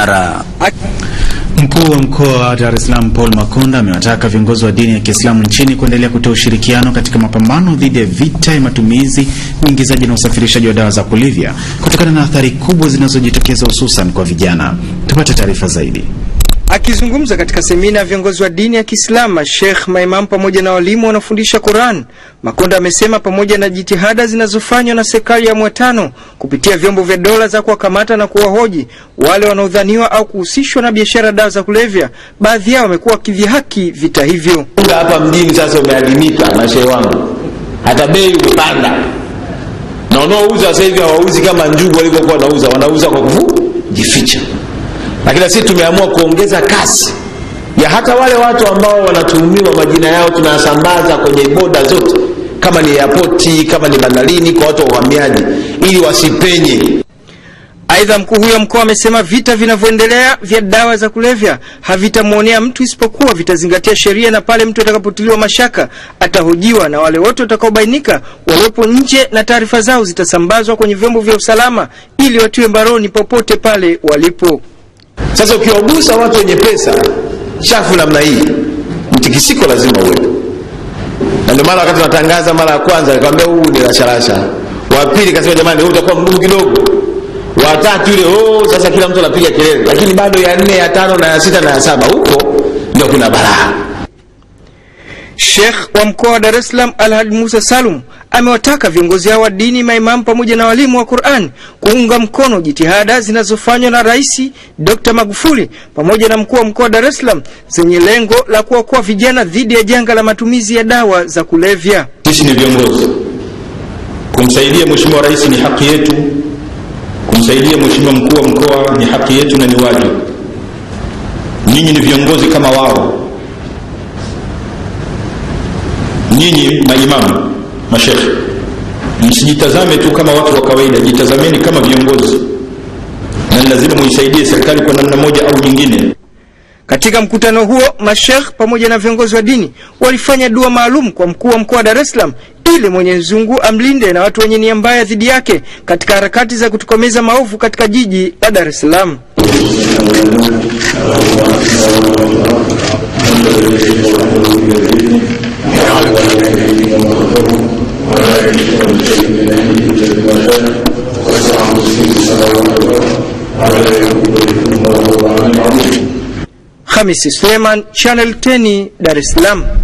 Mara. Mkuu wa mkoa wa Dar es Salaam Paul Makonda amewataka viongozi wa dini ya Kiislamu nchini kuendelea kutoa ushirikiano katika mapambano dhidi ya vita ya matumizi, uingizaji na usafirishaji wa dawa za kulevya kutokana na athari kubwa zinazojitokeza hususan kwa vijana. Tupate taarifa zaidi. Akizungumza katika semina ya viongozi wa dini ya Kiislamu, mashekh, maimamu pamoja na walimu wanaofundisha Quran, Makonda amesema pamoja na jitihada zinazofanywa na serikali ya mwatano kupitia vyombo vya dola za kuwakamata na kuwahoji wale wanaodhaniwa au kuhusishwa na biashara dawa za kulevya, baadhi yao wamekuwa wakivihaki vita hivyo. Hapa mjini sasa umeadimika, mashehe wangu, hata bei umepanda, na wanaouza sasa hivi hawauzi kama njugu walivyokuwa wanauza, wanauza kwa kujificha. Lakini sisi tumeamua kuongeza kasi ya hata wale watu ambao wanatuhumiwa, majina yao tunayasambaza kwenye boda zote, kama ni airport, kama ni bandarini, kwa watu wa uhamiaji, ili wasipenye. Aidha, mkuu huyo mkoa amesema vita vinavyoendelea vya dawa za kulevya havitamwonea mtu isipokuwa vitazingatia sheria, na pale mtu atakapotiliwa mashaka atahojiwa, na wale wote watakaobainika wawepo nje na taarifa zao zitasambazwa kwenye vyombo vya usalama ili watiwe mbaroni popote pale walipo. Sasa ukiwagusa watu wenye pesa chafu namna hii, mtikisiko lazima uwepo, na ndio maana wakati natangaza mara ya kwanza nikawambia huu ni rasharasha, wa pili kasema jamani, huu utakuwa mgumu kidogo, watatu tatu yule oh, sasa kila mtu anapiga kelele, lakini bado ya nne ya tano na ya sita na ya saba huko ndio kuna baraha Sheikh wa mkoa wa Dar es Salaam Alhaj Musa Salum amewataka viongozi hao wa dini, maimamu pamoja na walimu wa Qur'an kuunga mkono jitihada zinazofanywa na Rais Dr. Magufuli pamoja na mkuu wa mkoa wa Dar es Salaam zenye lengo la kuokoa vijana dhidi ya janga la matumizi ya dawa za kulevya. Sisi ni viongozi, kumsaidia Mheshimiwa Rais ni haki yetu, kumsaidia Mheshimiwa mkuu wa mkoa ni haki yetu na ni wajibu. Nyinyi ni viongozi kama wao nyinyi maimamu mashekhe msijitazame tu kama watu wa kawaida jitazameni kama viongozi na ni lazima muisaidie serikali kwa namna moja au nyingine katika mkutano huo mashekh pamoja na viongozi wa dini walifanya dua maalum kwa mkuu wa mkoa wa Dar es Salaam ili mwenyezungu amlinde na watu wenye nia mbaya dhidi yake katika harakati za kutokomeza maovu katika jiji la Dar es Salaam. Hamisi Suleiman, Channel 10, Dar es Salaam.